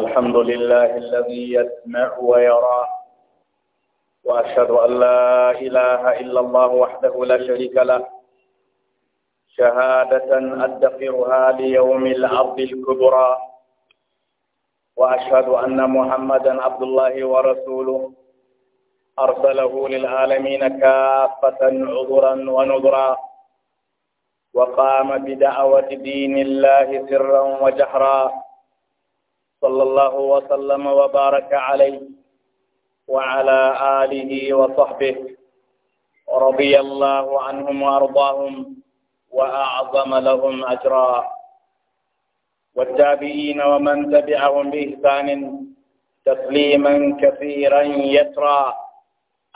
الحمد لله الذي يسمع ويرى وأشهد أن لا إله إلا الله وحده لا شريك له شهادة أدخرها ليوم الأرض الكبرى وأشهد أن محمدا عبد الله ورسوله أرسله للعالمين كافة عذرا ونذرا وقام بدعوة دين الله سرا وجهرا صلى الله وسلم وبارك عليه وعلى آله وصحبه رضي الله عنهم وأرضاهم وأعظم لهم أجرا والتابعين ومن تبعهم بإحسان تسليما كثيرا يترى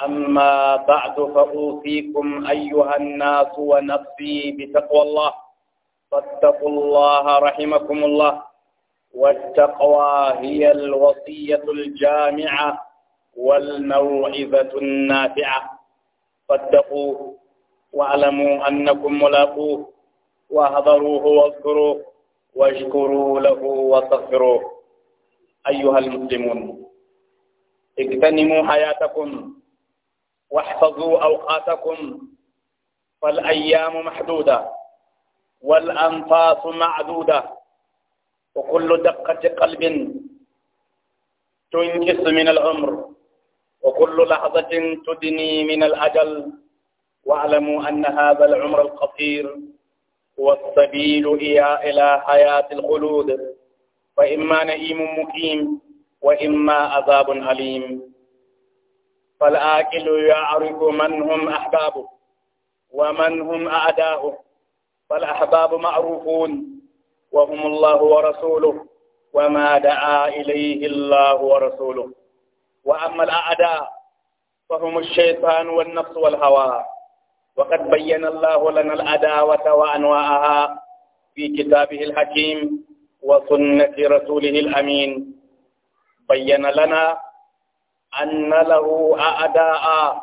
أما بعد فأوصيكم أيها الناس ونفسي بتقوى الله فاتقوا الله رحمكم الله والتقوى هي الوصية الجامعة والموعظة النافعة فاتقوه واعلموا أنكم ملاقوه وهضروه واذكروه واشكروا له وصفروه أيها المسلمون اغتنموا حياتكم واحفظوا أوقاتكم فالأيام محدودة والأنفاس معدودة وكل دقة قلب تنكس من العمر وكل لحظة تدني من الأجل واعلموا أن هذا العمر القصير هو السبيل إلى حياة الخلود فإما نئيم مقيم وإما عذاب أليم فالآكل يعرف من هم أحبابه ومن هم أعداؤه فالأحباب معروفون وهم الله ورسوله وما دعا إليه الله ورسوله وأما الأعداء فهم الشيطان والنفس والهوى وقد بين الله لنا العداوة وأنواعها في كتابه الحكيم وسنة رسوله الأمين بين لنا أن له أعداء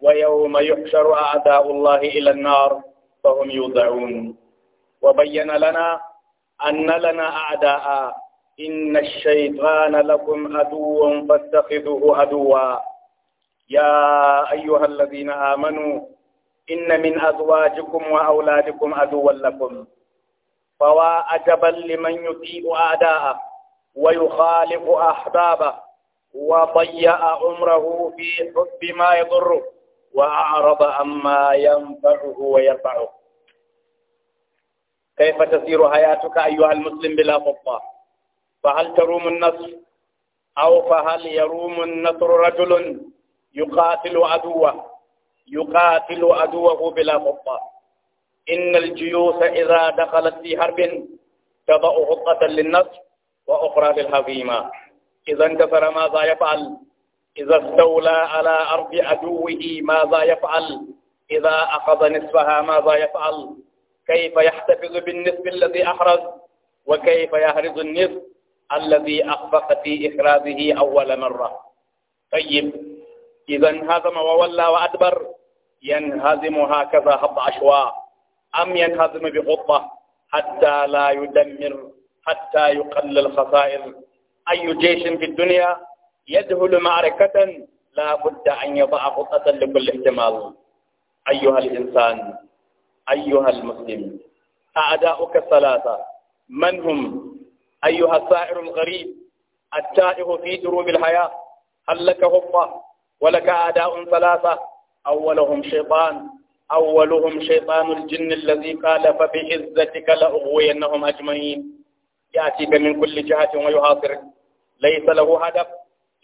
ويوم يحشر أعداء الله إلى النار فهم يوضعون وبين لنا أن لنا أعداء إن الشيطان لكم عدو فاتخذوه عدوا يا أيها الذين آمنوا إن من أزواجكم وأولادكم عدوا لكم فوا عجبا لمن يطيع أعداءه ويخالف أحبابه وضيع عمره في حب ما يضره وأعرض عما ينفعه ويرفعه كيف تسير حياتك أيها المسلم بلا خطة فهل تروم النصر أو فهل يروم النصر رجل يقاتل عدوه يقاتل عدوه بلا خطة إن الجيوش إذا دخلت في حرب تضع خطة للنصر وأخرى للهزيمة إذا انتصر ماذا يفعل إذا استولى على أرض عدوه ماذا يفعل إذا أخذ نصفها ماذا يفعل كيف يحتفظ بالنصف الذي أحرز وكيف يحرز النصف الذي أخفق في إخراجه أول مرة طيب إذا انهزم وولى وأدبر ينهزم هكذا هبط عشواء أم ينهزم بخطة حتى لا يدمر حتى يقل الخسائر أي جيش في الدنيا يدهل معركة لا بد أن يضع خطة لكل احتمال أيها الإنسان أيها المسلم أعداؤك الثلاثة من هم أيها السائر الغريب التائه في دروب الحياة هل لك هفة ولك أعداء ثلاثة أولهم شيطان أولهم شيطان الجن الذي قال فبعزتك لأغوينهم أجمعين يأتيك من كل جهة ويحاصرك ليس له هدف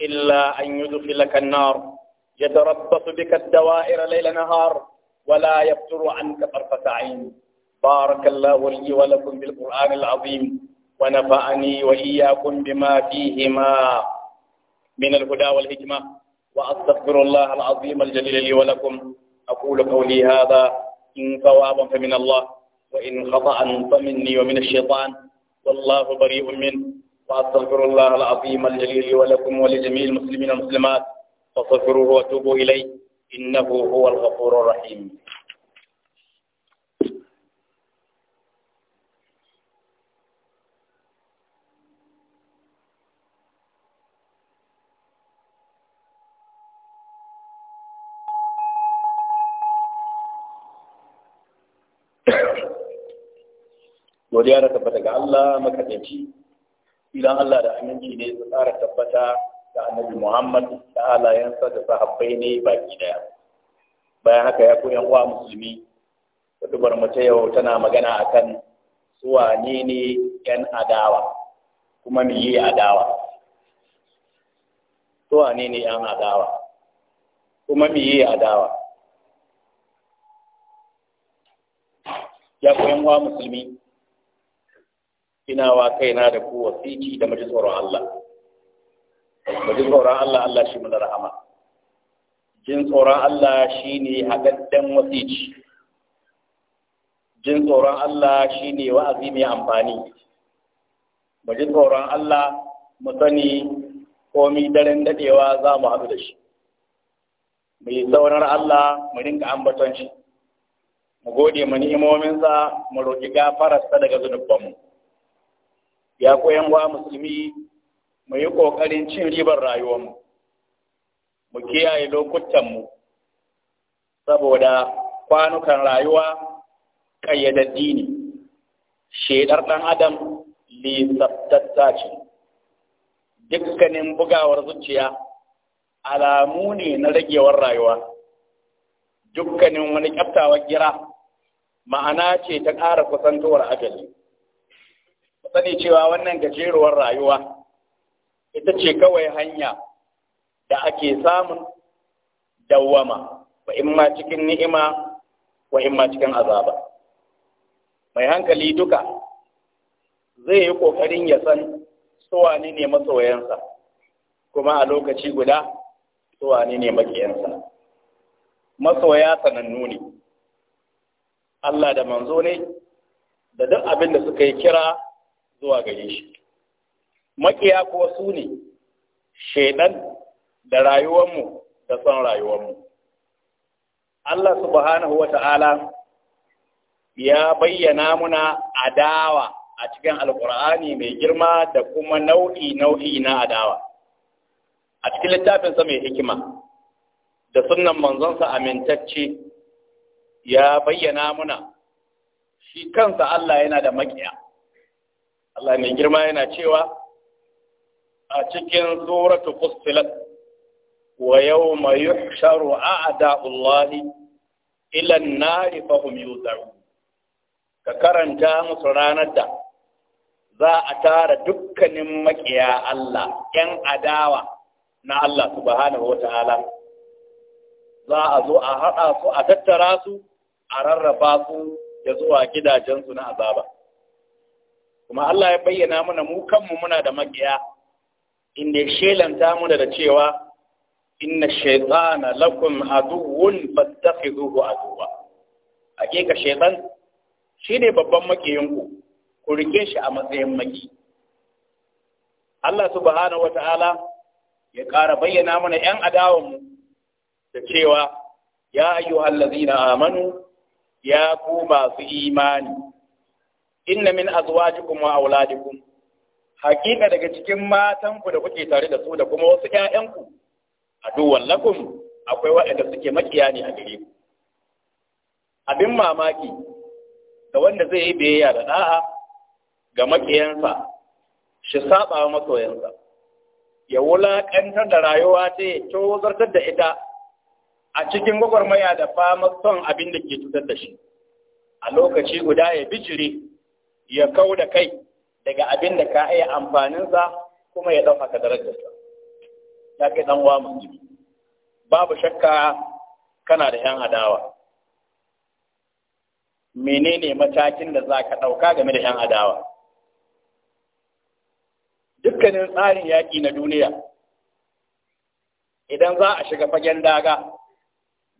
إلا أن يدخلك النار يتربص بك الدوائر ليل نهار ولا يفتر عنك طرفة عين بارك الله لي ولكم بالقرآن العظيم ونفعني وإياكم بما فيهما من الهدى والحكمة وأستغفر الله العظيم الجليل لي ولكم أقول قولي هذا إن صوابا فمن الله وإن خطأ فمني ومن الشيطان والله بريء منه وأستغفر الله العظيم الجليل لي ولكم ولجميع المسلمين والمسلمات فاستغفروه وتوبوا إليه إنه هو الغفور الرحيم وديارة تبتك الله مكتبتي إلى الله رحمتي لذلك تبتك da annabi Muhammad da alayensa da sahabbai ne baki daya bayan haka ya koyan uwa musulmi bar mace yau tana magana akan su suwa ne yan adawa kuma me yi adawa Suwa ne ne yan adawa kuma me yi adawa ya koyan uwa musulmi ina wa kaina da ku wasiti da majisoron Allah mu ji tsoron Allah Allah shi mana rahama jin tsoron Allah shi shine haɗaɗɗen wasici jin tsoron Allah shi ne wa'azi mai amfani mu tsoron Allah mu sani komi daren daɗewa za mu haɗu da shi mu yi saurar Allah mu rinka ambaton shi mu gode mu ni'imominsa mu roƙi gafararsa daga zunubbanmu ya koyan wa musulmi mu yi ƙoƙarin cin ribar rayuwar mu mu kiyaye lokutanmu saboda kwanukan rayuwa ƙayyadaddi ne shedar ɗan adam lisaftatta ce dukkanin bugawar zuciya alamu ne na ragewar rayuwa dukkanin wani kyaftawar gira ma'ana ce ta ƙara kusantowar ajali sani cewa wannan gajeruwar rayuwa ita ce kawai hanya da ake samun dawwama wa imma cikin ni'ima wa imma cikin azaba mai hankali duka zai yi ƙoƙarin ya san suwane ne masoyansa kuma a lokaci guda suwane ne makiyansa masoya sanannu ne Allah da manzo ne da duk abin da suka yi kira zuwa gare shi makiya kuwa su ne shaidan da rayuwarmu da son mu. Allah subhanahu wa ta'ala ya bayyana muna adawa a cikin alkur'ani mai girma da kuma nau'i nau'i na adawa a cikin littafinsa mai hikima da sunan manzonsa amintacce ya bayyana muna shi kansa Allah yana da makiya Allah mai girma yana cewa a cikin suratu fustilat wa yawma yuhsharu a'da'ullahi ila an Ilan fa hum yuzaru ka karanta musu ranar da za a tara dukkanin makiya Allah yan adawa na Allah subhanahu wata'ala za a zo a haɗa su a tattara su a rarraba su da zuwa gidajensu na azaba kuma Allah ya bayyana mana mu kanmu muna da makiya inda ya shelanta mu da cewa inna shaytana lakum aduwwun fattakhidhuhu aduwwa hakika shaytan shine babban makiyinku ku rike shi a matsayin maki Allah subhanahu wata'ala ya ƙara bayyana mana ‘yan mu. da cewa ya ayyuhal ladina amanu ya ku masu imani inna min azwajikum wa auladikum hakika daga cikin matanku da kuke tare da su da kuma wasu A duwan lakum akwai waɗanda suke makiya ne a gare ku abin mamaki ga wanda zai yi biyayya da da'a ga makiyansa shi saba wa masoyansa ya wulaƙantar da rayuwa ta ya tozartar da ita a cikin gwagwarmaya da fama son abin da ke cutar da shi a lokaci guda ya bijire ya kau da kai daga abin da ka iya amfaninsa kuma ya ɗaukaka darajarsa ya kai ɗan wa ji babu shakka kana da ‘yan adawa menene matakin da za ka ɗauka game da ‘yan adawa dukkanin tsarin yaƙi na duniya idan za a shiga fagen daga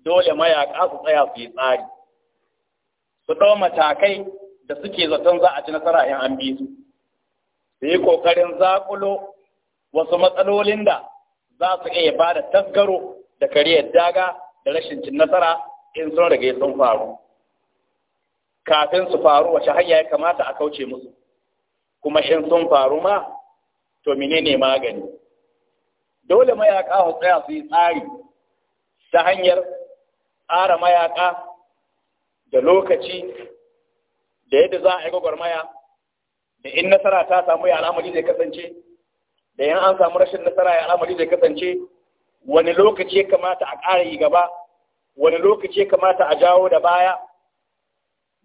dole mayaƙa su tsaya su yi tsari su ɗau matakai da suke zaton za a ci nasara in an bi su yi ƙoƙarin zaƙulo wasu matsalolin da za su iya ba da tasgaro da kariyar daga da rashin cin nasara in sun rage sun faru kafin su faru wace hanya ya kamata a kauce musu kuma in sun faru ma to menene magani dole mayaka su tsaya su yi tsari ta hanyar tsara mayaka da lokaci da yadda za a yi gwagwarmaya da in nasara ta samu ya al'amari zai kasance da yan an samu rashin nasara ya al'amari zai kasance wani lokaci ya kamata a ƙara yi gaba wani lokaci ya kamata a jawo da baya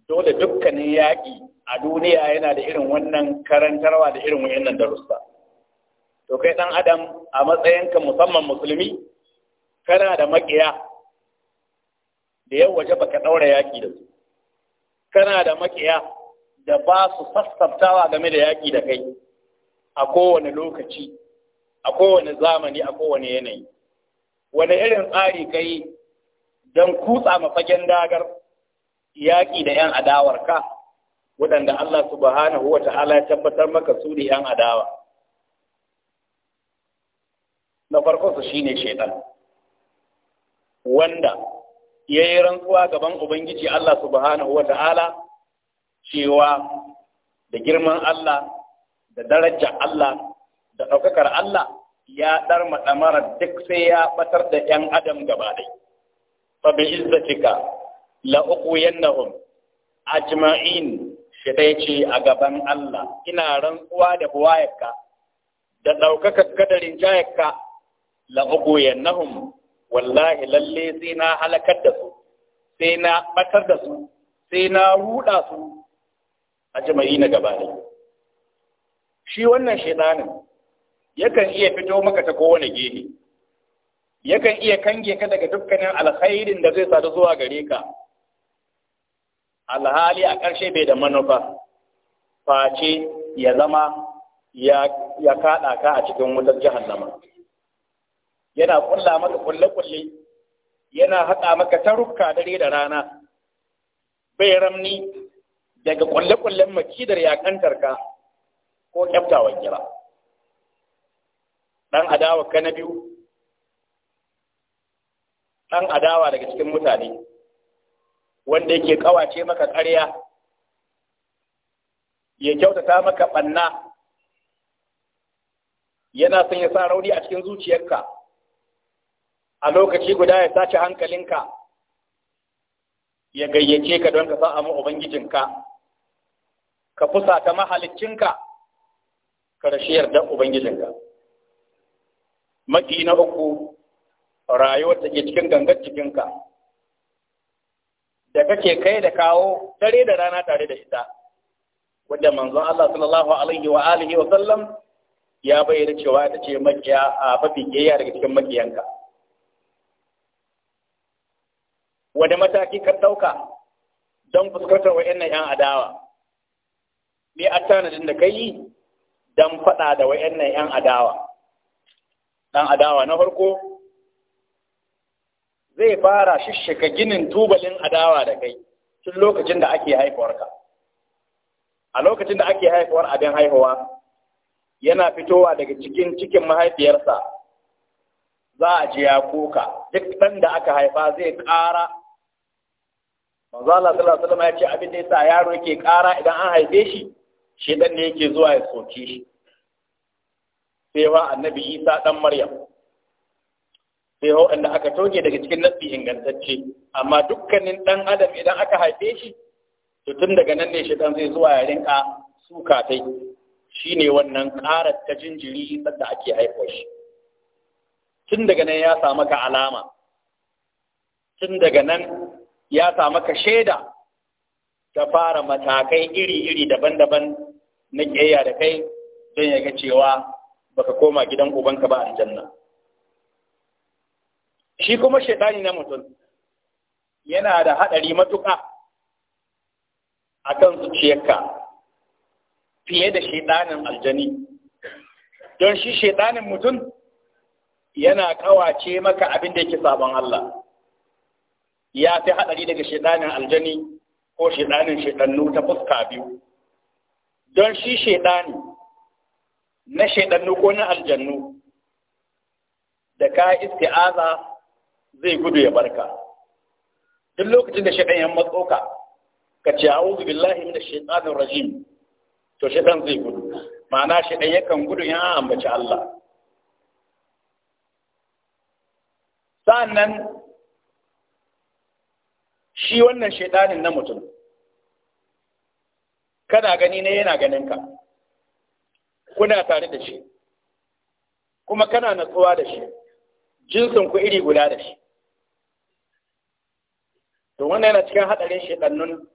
dole dukkanin yaƙi a duniya yana da irin wannan karantarwa da irin wannan darussa to kai ɗan adam a matsayinka musamman musulmi kana da maƙiya da yau waje baka ɗaura yaƙi da su kana da maƙiya da ba su sassaftawa game da yaƙi da kai a kowane lokaci a kowane zamani a kowane yanayi wani irin tsari ka yi don kutsa mafagen dagar yaƙi da 'yan adawarka waɗanda Allah subhanahu wa ta'ala ya tabbatar maka su da 'yan adawa na farko su shine shaitan wanda ya yi rantsuwa gaban Ubangiji Allah subhanahu wa ta'ala cewa da girman Allah da daraja Allah da ɗaukakar Allah ya ɗar maɗamara duk sai ya ɓatar da ‘yan adam gaba ɗai. Fabi izzatika la uku yannahum ajma'in shi dai ce a gaban Allah ina rantsuwa da buwayarka da ɗaukakar kadarin jayarka la uku yannahum wallahi lalle sai na halakar da su sai na ɓatar da su sai na ruɗa su ajma'i na gaba ne shi wannan shaidanin yakan iya fito maka ta kowane gehe yakan iya kange ka daga dukkanin alkhairin da zai sadu zuwa gare ka alhali a ƙarshe bai da manufa face ya zama ya kaɗa ka a cikin wutar jahannama yana ƙulla maka ƙulle-ƙulle yana haɗa maka ta rukka dare da rana bai ramni daga kwalle-kwallen makidar yaƙantar ka ko kyaftawan kira dan adawa ka na biyu ɗan adawa daga cikin mutane wanda yake kawace maka ƙarya ya kyautata maka ɓanna yana son ya sa rauni a cikin zuciyarka a lokaci guda ya sace hankalinka ya gayyace ka don ka sa mu ubangijinka ka fusata mahalicinka ka da ubangijinka mafi na uku rayuwar take cikin gangar cikinka da kake kai da kawo dare da rana tare da ita wadda manzo Allah sallallahu alaihi wa alihi wa sallam ya bayyana cewa ita ce makiya a mafi kiyaya daga cikin makiyanka wanda mataki ka ɗauka don fuskantar wa 'yan adawa Ni a tanadin da kai don faɗa da wa yan adawa ɗan adawa na farko zai fara shishika ginin tubalin adawa da kai tun lokacin da ake haifuwarka a lokacin da ake haifuwar abin haihuwa yana fitowa daga cikin cikin mahaifiyarsa za a ji ya kuka duk ɗan da aka haifa zai ƙara manzo Allah sallallahu alaihi wasallam ya ce abin da yasa yaro yake ƙara idan an haife shi shi ɗan ne yake zuwa ya soke shi sai wa annabi isa dan maryam sai waɗanda aka toge daga cikin nasi ingantacce amma dukkanin ɗan adam idan aka haife shi to tun daga nan ne shi ɗan zai zuwa ya rinka suka tai shi ne wannan ƙarar ta jinjiri da ake haifar shi tun daga nan ya samu ka alama tun daga nan ya samu maka shaida ta fara matakai iri-iri daban-daban na ƙeya da kai don ya ga cewa baka koma gidan ubanka ba janna. shi kuma shaitani na mutum yana da haɗari matuƙa a kan zuciyarka fiye da shaitanin aljani don shi shaitanin mutum yana kawace maka abin da yake sabon Allah ya fi haɗari daga shaitanin aljani ko shaidanin shaidannu ta fuska biyu don shi shaidani na shaidannu ko na aljannu da ka isti'aza zai gudu ya barka duk lokacin da shaidan ya matso ka ce a a'udhu billahi da shaitanir rajim to shaidan zai gudu ma'ana shaidan yakan gudu ya ambaci Allah sannan shi wannan shaidanin na mutum kana gani ne yana ganin ka kuna tare da shi kuma kana natsuwa da shi jinsin ku iri guda da shi to wannan yana cikin hadarin shaidannun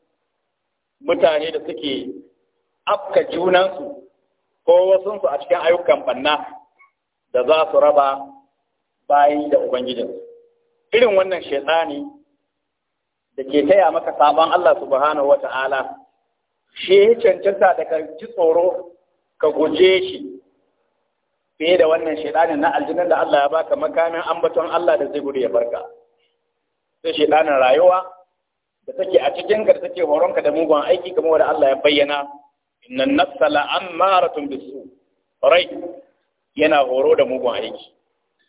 mutane da suke afka junansu ko wasunsu a cikin ayyukan banna da za su raba bayi da ubangijinsu irin wannan shaidani da ke taya maka sabon Allah subhanahu wata'ala shi ya cancanta da ka ji tsoro ka guje shi fiye da wannan shaidanin na aljinan da Allah ya baka makamin ambaton Allah da zai gudu ya barka sai shaidanin rayuwa da take a cikin ka da take horonka da mugun aiki kamar wanda Allah ya bayyana innan nafsa tun bisu rai yana horo da mugun aiki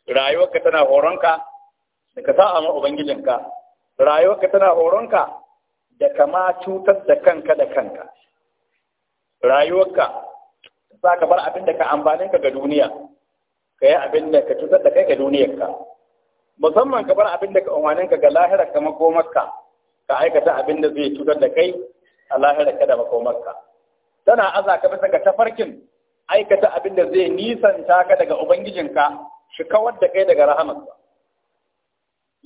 rayuwarka tana horonka da ka sa'a ma ubangijinka rayuwarka tana horonka da kama cutar da kanka da kanka rayuwarka za ka bar abin da ka amfaninka ga duniya ka yi abin da ka cutar da kai ga duniyarka musamman ka bar abin da ka ka ga lahira ka makomarka ka aikata abin da zai cutar da kai a lahira ka da makomarka tana aza ka bisa ga tafarkin aikata abin da zai nisanta ka daga ubangijinka shi kawar da kai daga rahamarsa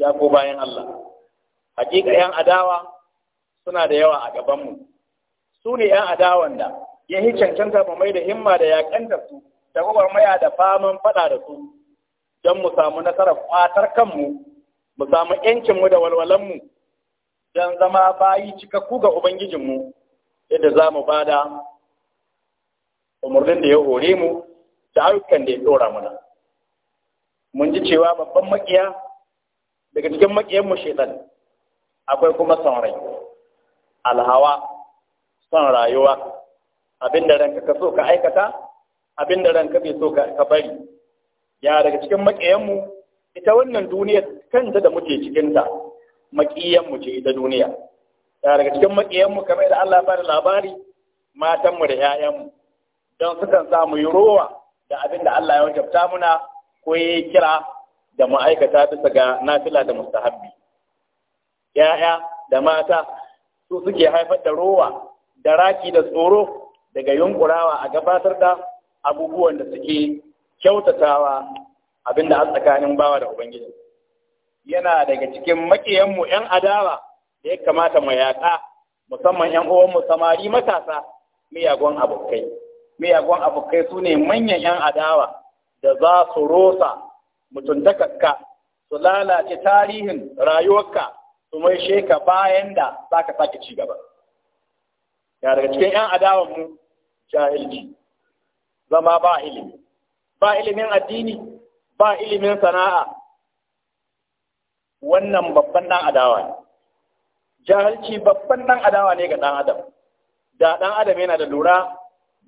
ya ko bayan Allah hakika yan adawa suna da yawa a gabanmu su ne yan adawan da ya yi cancanta mu mai da himma da kanta su da maya da faman faɗa da su don mu samu nasarar kwatar kanmu mu samu yancinmu da walwalanmu don zama bayi cikakku ga ubangijinmu yadda za mu ba da umarnin da ya hore mu da ayyukan da ya ɗora mana mun ji cewa babban makiya daga cikin makiyanmu shaitan akwai kuma son rai alhawa son rayuwa abin da ranka ka so ka aikata abin da ranka bai so ka bari ya daga cikin maƙiyanmu ita wannan duniya kanta da muke cikinta maƙiyanmu ce ita duniya ya daga cikin maƙiyanmu kamar da Allah ba da labari matanmu da 'ya'yanmu don sukan samu yi rowa da abin da Allah ya wajabta muna ko ya kira da ma'aikata bisa ga nafila da mustahabbi ya'ya da mata su suke haifar da rowa da raki da tsoro daga yunkurawa a gabatar da abubuwan da suke kyautatawa da a tsakanin bawa da ubangiji yana daga cikin maƙiyanmu 'yan adawa da ya kamata mu yaƙa musamman 'yan uwanmu samari matasa miyagun abokai miyagun abokai su ne manyan 'yan adawa da za su rosa mutuntakarka su lalace tarihin rayuwarka su Sheka ka bayan da za ka sake ci gaba ya daga cikin 'yan adawanmu jahilci zama ba ilimi ba ilimin addini ba ilimin sana'a wannan babban ɗan adawa ne jahilci babban ɗan adawa ne ga ɗan adam da ɗan adam yana da lura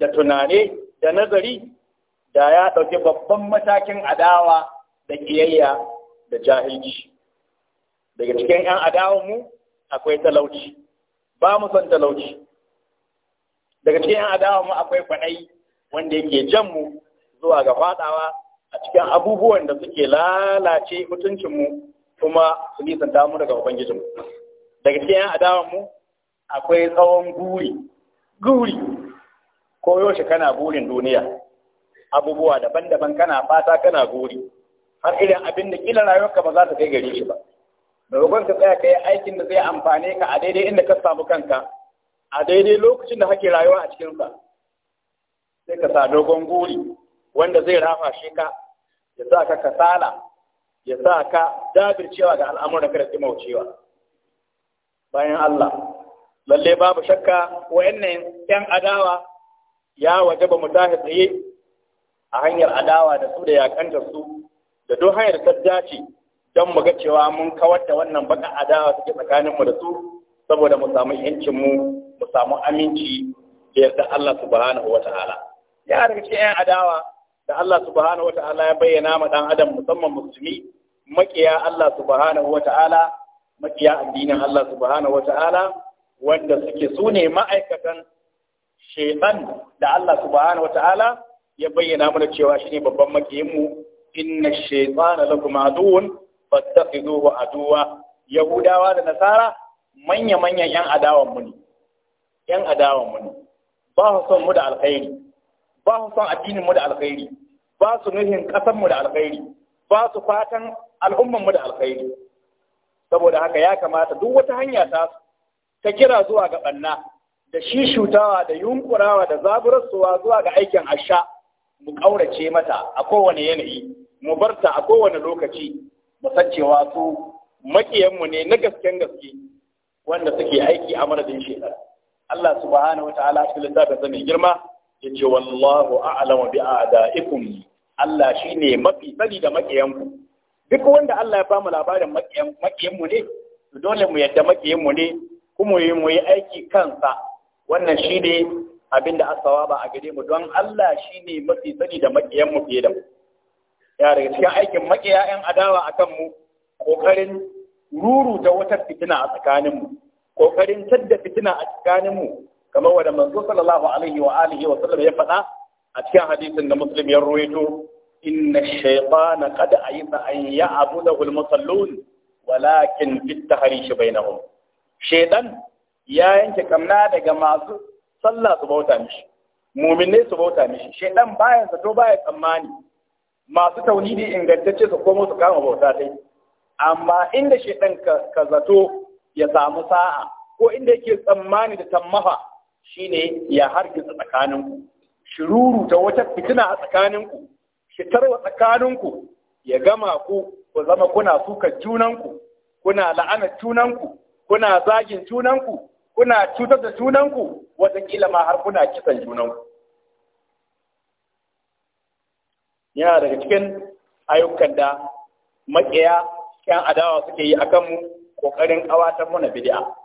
da tunane da nazari da ya ɗauki babban matakin adawa da ƙiyayya da jahilci daga cikin 'yan adawanmu akwai talauci ba mu son talauci daga cikin 'yan adawanmu akwai kwaɗayi wanda yake jan mu zuwa ga faɗawa a cikin abubuwan da suke lalace mutuncinmu kuma su nisanta mu daga ubangijinmu daga cikin 'yan adawanmu akwai tsawon guri guri ko yaushe kana burin duniya abubuwa daban-daban kana fata kana guri har irin abin da kila rayuwarka ba za ta kai gare shi ba maimakon ka tsaya ka yi aikin da zai amfane ka a daidai inda ka samu kanka a daidai lokacin da hake rayuwa a cikinsa sai ka sa dogon guri wanda zai rafa shi ka ya sa ka kasala ya sa ka dabircewa ga al'amuran ka da maucewa bayan Allah lalle babu shakka wayannan yan adawa ya waje ba mu tashi tsaye a hanyar adawa da su da yakanta su da duk hanyar ta dace don mu ga cewa mun kawar da wannan baka adawa suke tsakaninmu da su saboda mu samu yancinmu mu samu aminci da yarda Allah subhanahu wa ta'ala ya daga cikin yan adawa da Allah subhanahu wa ta'ala ya bayyana ma ɗan adam musamman musulmi makiya Allah subhanahu wa ta'ala makiya addinin Allah subhanahu wa ta'ala wanda suke su ne ma'aikatan shaitan da Allah subhanahu wa ta'ala ya bayyana mana cewa shi ne babban makiyinmu mu inna shaytana lakum aduwwun fattakhizuhu aduwa yahudawa da nasara manya manya yan adawan mu ne yan adawan mu ne ba su son mu da alkhairi ba su son addinin mu da alkhairi ba su nuhin kasan mu da alkhairi ba su fatan al'umman mu da alkhairi saboda haka ya kamata duk wata hanya ta ta kira zuwa ga banna da shi shutawa da yunkurawa da zaburarsuwa zuwa ga aikin asha mu ƙaurace mata a kowane yanayi mu barta a kowane lokaci musan cewa su makiyanmu ne na gasken gaske wanda suke aiki a madadin shekar Allah subhanahu wataala cikin littafin sa mai girma ya ce wallahu a'lamu bi a'daikum Allah shine mafi sani da makiyanku duk wanda Allah ya bamu labarin makiyanmu ne dole mu yadda makiyanmu ne kuma yi mu yi aiki kansa wannan shine abinda asawa ba a gare mu don Allah shine mafi sani da makiyanmu fiye da mu ya daga cikin aikin makiya yan adawa a kanmu ƙoƙarin ruruta wata fitina a tsakaninmu ƙoƙarin tadda fitina a tsakaninmu kamar wanda manzo sallallahu alaihi wa alihi wa sallam ya faɗa a cikin hadisin da muslim ya ruwaito inna shaytana qad ayta an ya'budahu al-musallun walakin fi tahrish bainahum shaytan ya yanke kamna daga masu sallah su bauta mishi mu'minai su bauta mishi shaytan baya zato baya tsammani masu tauhidi ingantacce su komo su kama bauta dai amma inda shedan ka zato ya samu sa'a ko inda yake tsammani da tammafa shine ya hargitsa tsakaninku shiruru ta wata fitina a tsakaninku shitarwa tsakaninku ya gama ku ku zama kuna sukar junanku kuna la'anar junanku kuna zagin junanku kuna cutar da junanku wataƙila ma har kuna kisan junanku yana daga cikin ayyukan da makiya yan adawa suke yi akan mu ƙoƙarin ƙawatar mu na bid'a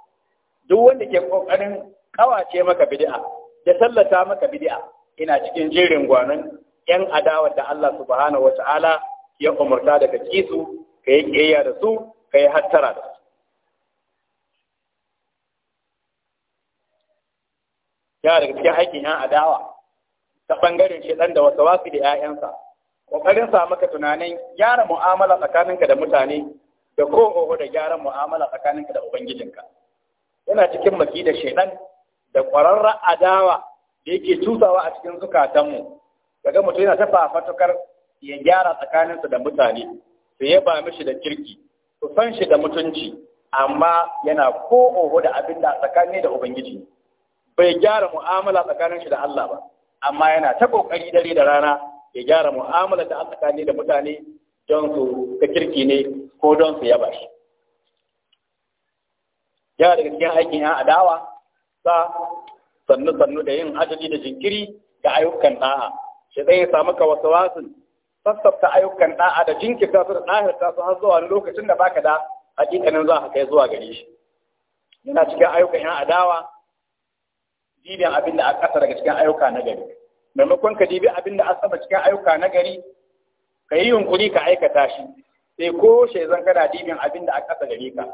duk wanda ke ƙoƙarin ƙawace maka bid'a da tallata maka bid'a ina cikin jerin gwanon yan adawa da Allah subhanahu wata'ala ya umarta daga kisu ka yi ƙiyayya da su ka yi hattara da su ya daga cikin aikin yan adawa ta ɓangaren shi da wasu wasu da 'ya'yansa ƙoƙarin sa maka tunanin gyara mu'amala tsakaninka da mutane da ko da gyara mu'amala tsakaninka da ubangijinka yana cikin maki da shaidan da ƙwararren adawa da yake tusawa a cikin zukatanmu daga mutum yana ta fafatukar ya gyara tsakaninsa da mutane su yaba mishi da kirki su san shi da mutunci amma yana ko oho da abin da tsakani da ubangiji bai gyara mu'amala tsakanin shi da Allah ba amma yana ta ƙoƙari dare da rana ya gyara mu'amala ta tsakani da mutane don su ka kirki ne ko don su yaba shi yana daga cikin aikin ya adawa sa sannu sannu da yin hajji da jinkiri ga ayyukan da'a shi zai samu ka wasu wasu sassafta ayyukan da'a da jinkirta su da ɗahirta su har zuwa lokacin da baka da hakikanin za ka kai zuwa gare shi yana cikin ayyukan ya adawa dibin abin da a ƙasa daga cikin ayyuka na gari maimakon ka dibi abin da asaba cikin ayyuka na gari ka yi yunkuri ka aikata shi sai ko shi zan kana dibin abin da aka gare ka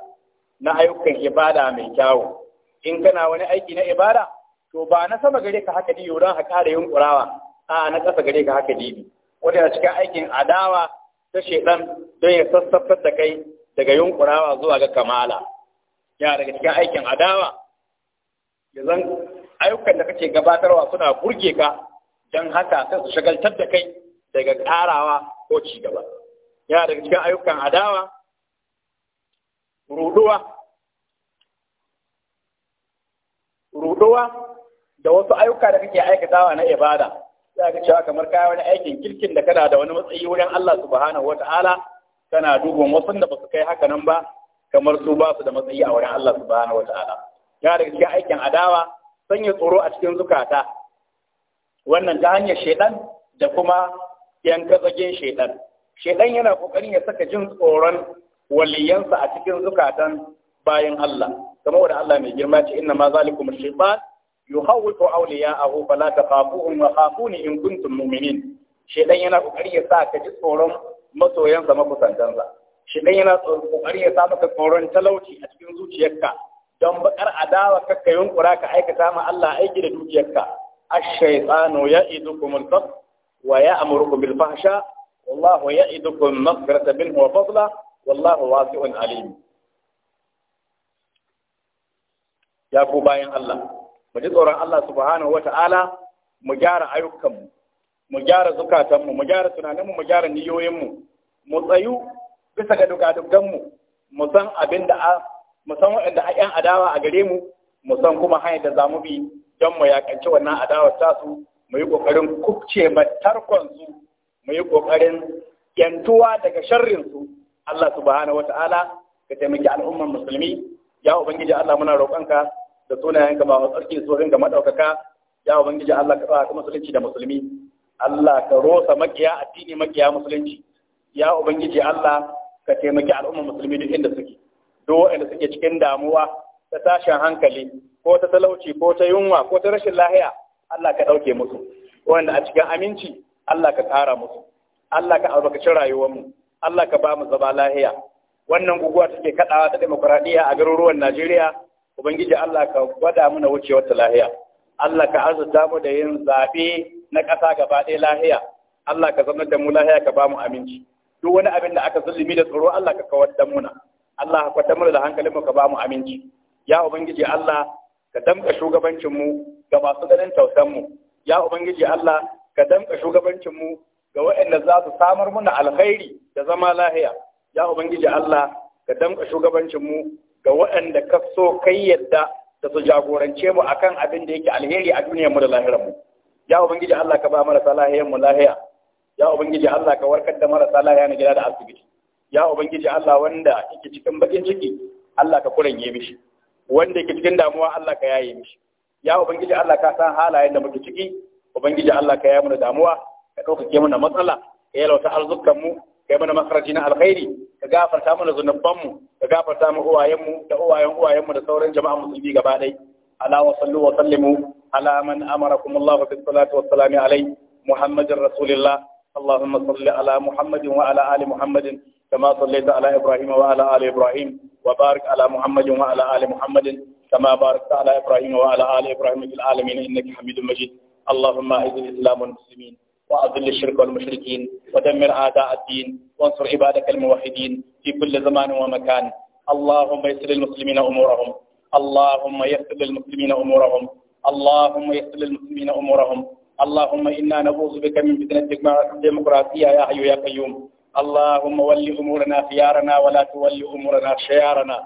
na ayyukan ibada mai kyawu in kana wani aiki na ibada to ba na sama gare ka haka dibi don haka da yunkurawa a na kasa gare ka haka dibi wanda na cikin aikin adawa ta shedan don ya sassafar da kai daga yunkurawa zuwa ga kamala ya daga cikin aikin adawa ya ayyukan da kake gabatarwa suna burge ka don haka sai su shagaltar da kai daga karawa ko ci gaba yana daga cikin ayyukan adawa ruduwa ruduwa da wasu ayyuka da kake aikatawa na ibada ya ga cewa kamar kaya wani aikin kirkin da kana da wani matsayi wurin Allah subhanahu wata'ala kana dubon wasu da ba su kai haka nan ba kamar su ba su da matsayi a wurin Allah subhanahu wata'ala ya daga cikin aikin adawa sanya tsoro a cikin zukata wannan ta hanyar shaidan da kuma yan kazagen shaidan shaidan yana kokarin ya saka jin tsoron waliyansa a cikin zukatan bayan Allah kuma da Allah mai girma ce inna ma zalikum shaytan yuhawwitu awliya'ahu fala takhafuhum wa khafuni in kuntum mu'minin shaidan yana kokarin ya sa ka ji tsoron masoyansa makusantansa shaidan yana kokarin ya sa maka tsoron talauci a cikin zuciyarka don bakar adawa kakka yunkura ka aikata ma Allah aiki da dukiyarka الشيطان يئدكم الفقر ويأمركم بالفحشاء والله يئدكم مغفرة منه وفضلا والله واسع عليم ya ku bayan Allah mu ji tsoron Allah subhanahu wata'ala mu gyara ayyukanmu mu gyara zukatanmu mu gyara tunaninmu mu gyara niyoyinmu mu tsayu bisa ga dugaduganmu mu mu san waɗanda ƴan adawa a gare mu mu san kuma hanyar da za mu bi don mu yakanci wannan adawar tasu mu yi ƙoƙarin kubce su mu yi ƙoƙarin yantuwa daga sharrinsu Allah subhanahu wata'ala ka taimaki al'ummar musulmi ya ubangiji Allah muna roƙonka da sunayenka ba wa tsarki tsorin ringa madaukaka ya ubangiji Allah ka tsaka musulunci da musulmi Allah ka rosa makiya addini makiya musulunci ya ubangiji Allah ka taimaki al'ummar musulmi duk inda suke duk inda suke cikin damuwa da tashin hankali ko ta talauci ko ta yunwa ko ta rashin lahiya Allah ka ɗauke musu wanda a cikin aminci Allah ka ƙara musu Allah ka albarkaci rayuwarmu Allah ka ba mu zaba lahiya wannan guguwa take kaɗawa ta demokuraɗiyya a garuruwan Najeriya Ubangiji Allah ka gwada muna wucewar ta lahiya Allah ka arzuta mu da yin zaɓe na ƙasa gaba ɗaya lahiya Allah ka zama da mu lahiya ka ba mu aminci duk wani abin da aka zulumi da tsoro Allah ka kawar da muna Allah ka kwatar da hankalin mu ka ba mu aminci ya ubangiji Allah ka damka shugabancinmu ga masu ganin tausanmu ya ubangiji Allah ka damka shugabancinmu ga waɗanda za su samar muna alkhairi da zama lahiya ya ubangiji Allah ka damka shugabancinmu ga waɗanda ka so kai yadda da su jagorance mu akan abin da yake alheri a duniyar mu da lahirar mu ya ubangiji Allah ka ba marasa lahiyar mu lahiya ya ubangiji Allah ka warkar da marasa lahiya na gida da asibiti ya ubangiji Allah wanda yake cikin bakin ciki Allah ka kuranye mishi wanda ke cikin damuwa Allah ka yaye mishi ya ubangiji Allah ka san halayen da muke ciki ubangiji Allah ka yaye mana damuwa ka ɗaukake mana matsala ka yi yalwata arzukan mu ka yi mana makaraji na alkhairi ka gafarta mana zunuban mu ka gafarta mu uwayen mu da uwayen uwayen mu da sauran jama'a musulmi gaba ɗaya ala wa sallu wa sallimu ala man amarakum Allah bi salatu wa salami alai muhammadin rasulillah اللهم صل على محمد وعلى ال محمد كما صليت على إبراهيم وعلى آل إبراهيم وبارك على محمد وعلى آل محمد كما باركت على إبراهيم وعلى آل إبراهيم في العالمين إنك حميد مجيد اللهم أعز الإسلام والمسلمين وأذل الشرك والمشركين ودمر أعداء الدين وانصر عبادك الموحدين في كل زمان ومكان اللهم يسر للمسلمين أمورهم اللهم يسر للمسلمين أمورهم اللهم يسر للمسلمين أمورهم اللهم إنا نبوغ بك من فتنة الديمقراطية يا حي يا قيوم اللهم ول أمورنا خيارنا ولا تول أمورنا شيارنا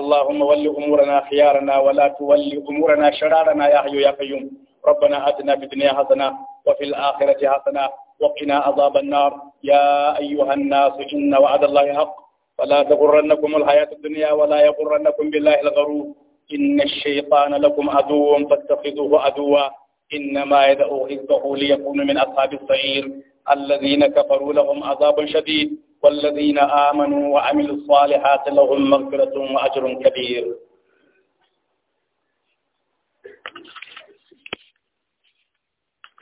اللهم ول أمورنا خيارنا ولا تول أمورنا شرارنا يا حي يا قيوم ربنا آتنا في الدنيا حسنة وفي الآخرة حسنة وقنا عذاب النار يا أيها الناس إن وعد الله حق فلا تغرنكم الحياة الدنيا ولا يغرنكم بالله الغرور إن الشيطان لكم عدو فاتخذوه عدوا إنما يدعو حزبه ليكون من أصحاب السعير الذين كفروا لهم عذاب شديد والذين آمنوا وعملوا الصالحات لهم مغفرة وأجر كبير